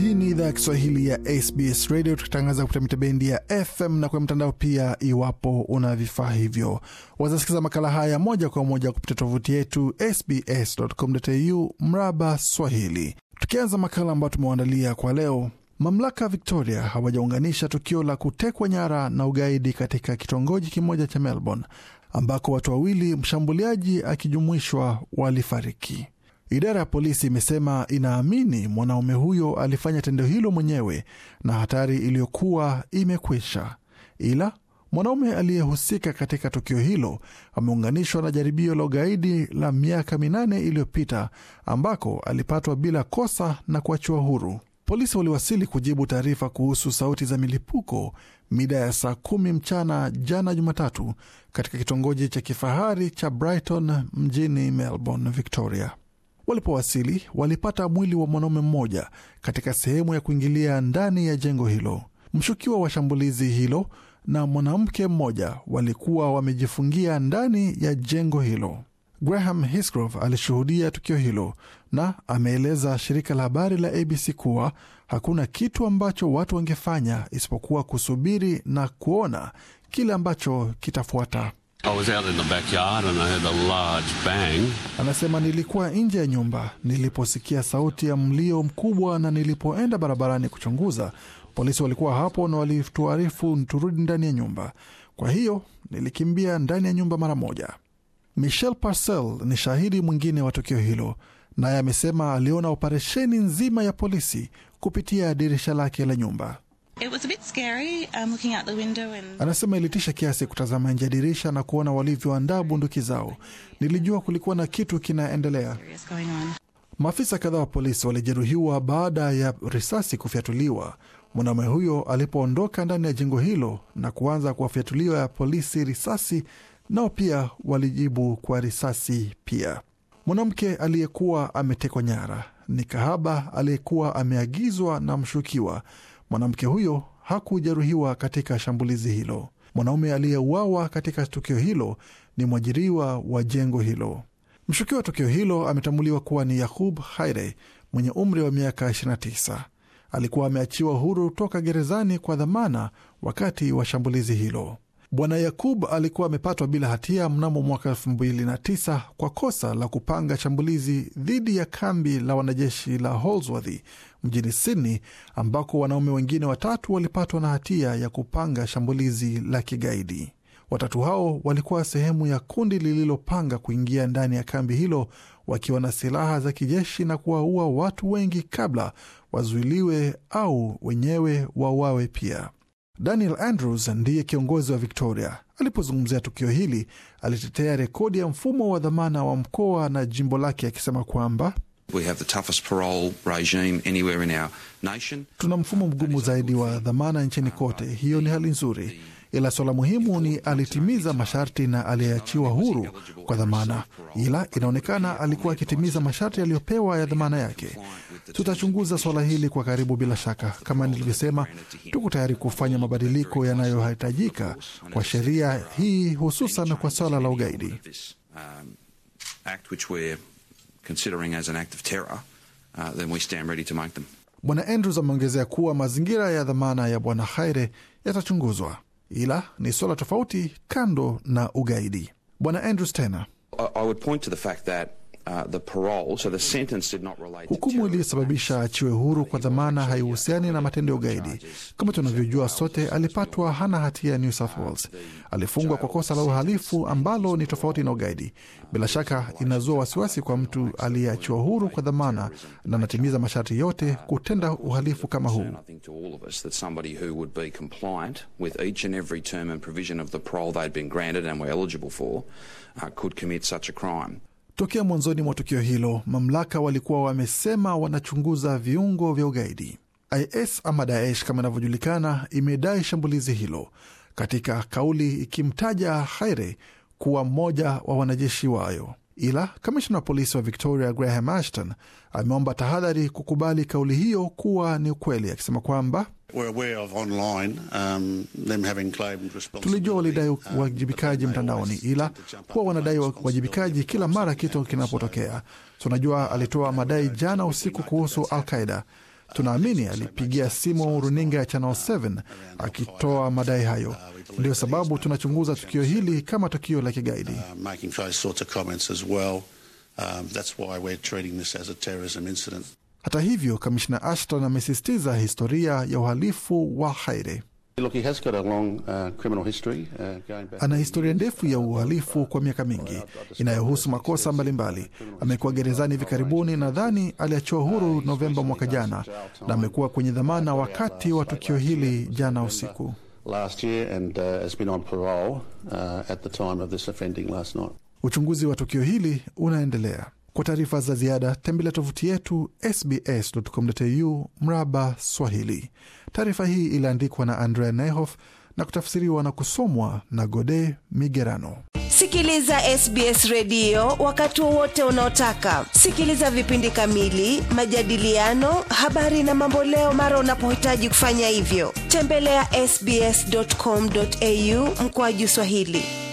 Hii ni idhaa ya Kiswahili ya SBS Radio, tukitangaza kupitia mitabendi ya FM na kwenye mtandao pia. Iwapo una vifaa hivyo, wazasikiza makala haya moja kwa moja kupitia tovuti yetu sbs.com.au mraba Swahili. Tukianza makala ambayo tumewaandalia kwa leo, mamlaka ya Victoria hawajaunganisha tukio la kutekwa nyara na ugaidi katika kitongoji kimoja cha Melbourne ambako watu wawili, mshambuliaji akijumuishwa, walifariki. Idara ya polisi imesema inaamini mwanaume huyo alifanya tendo hilo mwenyewe na hatari iliyokuwa imekwisha, ila mwanaume aliyehusika katika tukio hilo ameunganishwa na jaribio la ugaidi la miaka minane iliyopita ambako alipatwa bila kosa na kuachiwa huru. Polisi waliwasili kujibu taarifa kuhusu sauti za milipuko mida ya saa kumi mchana jana Jumatatu katika kitongoji cha kifahari cha Brighton mjini Melbourne, Victoria. Walipowasili walipata mwili wa mwanaume mmoja katika sehemu ya kuingilia ndani ya jengo hilo. Mshukiwa wa shambulizi hilo na mwanamke mmoja walikuwa wamejifungia ndani ya jengo hilo. Graham Hiscroft alishuhudia tukio hilo na ameeleza shirika la habari la ABC kuwa hakuna kitu ambacho watu wangefanya isipokuwa kusubiri na kuona kile ambacho kitafuata. Anasema nilikuwa nje ya nyumba niliposikia sauti ya mlio mkubwa na nilipoenda barabarani kuchunguza, polisi walikuwa hapo na walituarifu turudi ndani ya nyumba. Kwa hiyo nilikimbia ndani ya nyumba mara moja. Michel Parcel ni shahidi mwingine wa tukio hilo, naye amesema aliona operesheni nzima ya polisi kupitia dirisha lake la nyumba. Um, Anasema ilitisha kiasi kutazama nje ya dirisha na kuona walivyoandaa bunduki zao. Nilijua kulikuwa na kitu kinaendelea. Maafisa kadhaa wa polisi walijeruhiwa baada ya risasi kufyatuliwa. Mwanamume huyo alipoondoka ndani ya jengo hilo na kuanza kuwafyatulia polisi risasi, nao pia walijibu kwa risasi pia. Mwanamke aliyekuwa ametekwa nyara ni kahaba aliyekuwa ameagizwa na mshukiwa Mwanamke huyo hakujeruhiwa katika shambulizi hilo. Mwanaume aliyeuawa katika tukio hilo ni mwajiriwa wa jengo hilo. Mshukiwa wa tukio hilo ametambuliwa kuwa ni Yakub Haire mwenye umri wa miaka 29. Alikuwa ameachiwa huru toka gerezani kwa dhamana wakati wa shambulizi hilo. Bwana Yakub alikuwa amepatwa bila hatia mnamo mwaka tisa kwa kosa la kupanga shambulizi dhidi ya kambi la wanajeshi la Holsworthy mjini Sydney, ambako wanaume wengine watatu walipatwa na hatia ya kupanga shambulizi la kigaidi. Watatu hao walikuwa sehemu ya kundi lililopanga kuingia ndani ya kambi hilo wakiwa na silaha za kijeshi na kuwaua watu wengi kabla wazuiliwe au wenyewe wauawe pia. Daniel Andrews ndiye kiongozi wa Victoria. Alipozungumzia tukio hili, alitetea rekodi ya mfumo wa dhamana wa mkoa na jimbo lake akisema kwamba tuna mfumo mgumu zaidi wa dhamana nchini kote. Hiyo ni hali nzuri ila suala muhimu ni alitimiza masharti na aliyeachiwa huru kwa dhamana, ila inaonekana alikuwa akitimiza masharti aliyopewa ya dhamana yake. Tutachunguza suala hili kwa karibu. Bila shaka, kama nilivyosema, tuko tayari kufanya mabadiliko yanayohitajika kwa sheria hii, hususan kwa swala la ugaidi. Um, uh, Bwana Andrews ameongezea kuwa mazingira ya dhamana ya Bwana Haire yatachunguzwa ila ni swala tofauti kando na ugaidi. Bwana andrew Stena: I would point to the fact that Uh, Hukumu iliyosababisha achiwe huru kwa dhamana haihusiani na matendo ya ugaidi. Kama tunavyojua sote, alipatwa hana hatia New South Wales. Alifungwa kwa kosa la uhalifu ambalo ni tofauti na ugaidi. Bila shaka, inazua wasiwasi kwa mtu aliyeachiwa huru kwa dhamana na anatimiza masharti yote kutenda uhalifu kama huu. Tokea mwanzoni mwa tukio hilo, mamlaka walikuwa wamesema wanachunguza viungo vya ugaidi. IS ama Daesh kama inavyojulikana, imedai shambulizi hilo katika kauli ikimtaja Haire kuwa mmoja wa wanajeshi wayo ila kamishna wa polisi wa Victoria Graham Ashton ameomba tahadhari kukubali kauli hiyo kuwa ni ukweli, akisema kwamba um, tulijua walidai um, uwajibikaji mtandaoni, ila huwa wanadai uwajibikaji kila mara kitu kinapotokea. Tunajua alitoa madai jana usiku kuhusu Al Qaida Tunaamini alipigia simu runinga ya Channel 7 akitoa madai hayo. Ndiyo sababu tunachunguza tukio hili kama tukio la kigaidi. Uh, um, Hata hivyo, Kamishna Ashton amesisitiza historia ya uhalifu wa Haire. Uh, uh, Ana historia ndefu ya uhalifu kwa miaka mingi inayohusu makosa mbalimbali. Amekuwa gerezani hivi karibuni, nadhani aliachiwa uh, huru Novemba mwaka jana, na amekuwa kwenye dhamana wakati wa tukio hili jana usiku. Uchunguzi wa tukio hili unaendelea. Kwa taarifa za ziada tembelea tovuti yetu sbs.com.au mraba Swahili. Taarifa hii iliandikwa na Andrea Nehof na kutafsiriwa na kusomwa na Gode Migerano. Sikiliza SBS redio wakati wowote unaotaka. Sikiliza vipindi kamili, majadiliano, habari na mamboleo mara unapohitaji kufanya hivyo. Tembelea ya sbs.com.au mkoaju Swahili.